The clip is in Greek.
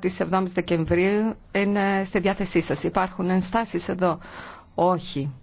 της 17ης Δεκεμβρίου είναι στη διάθεσή σας. Υπάρχουν ενστάσεις εδώ. Όχι.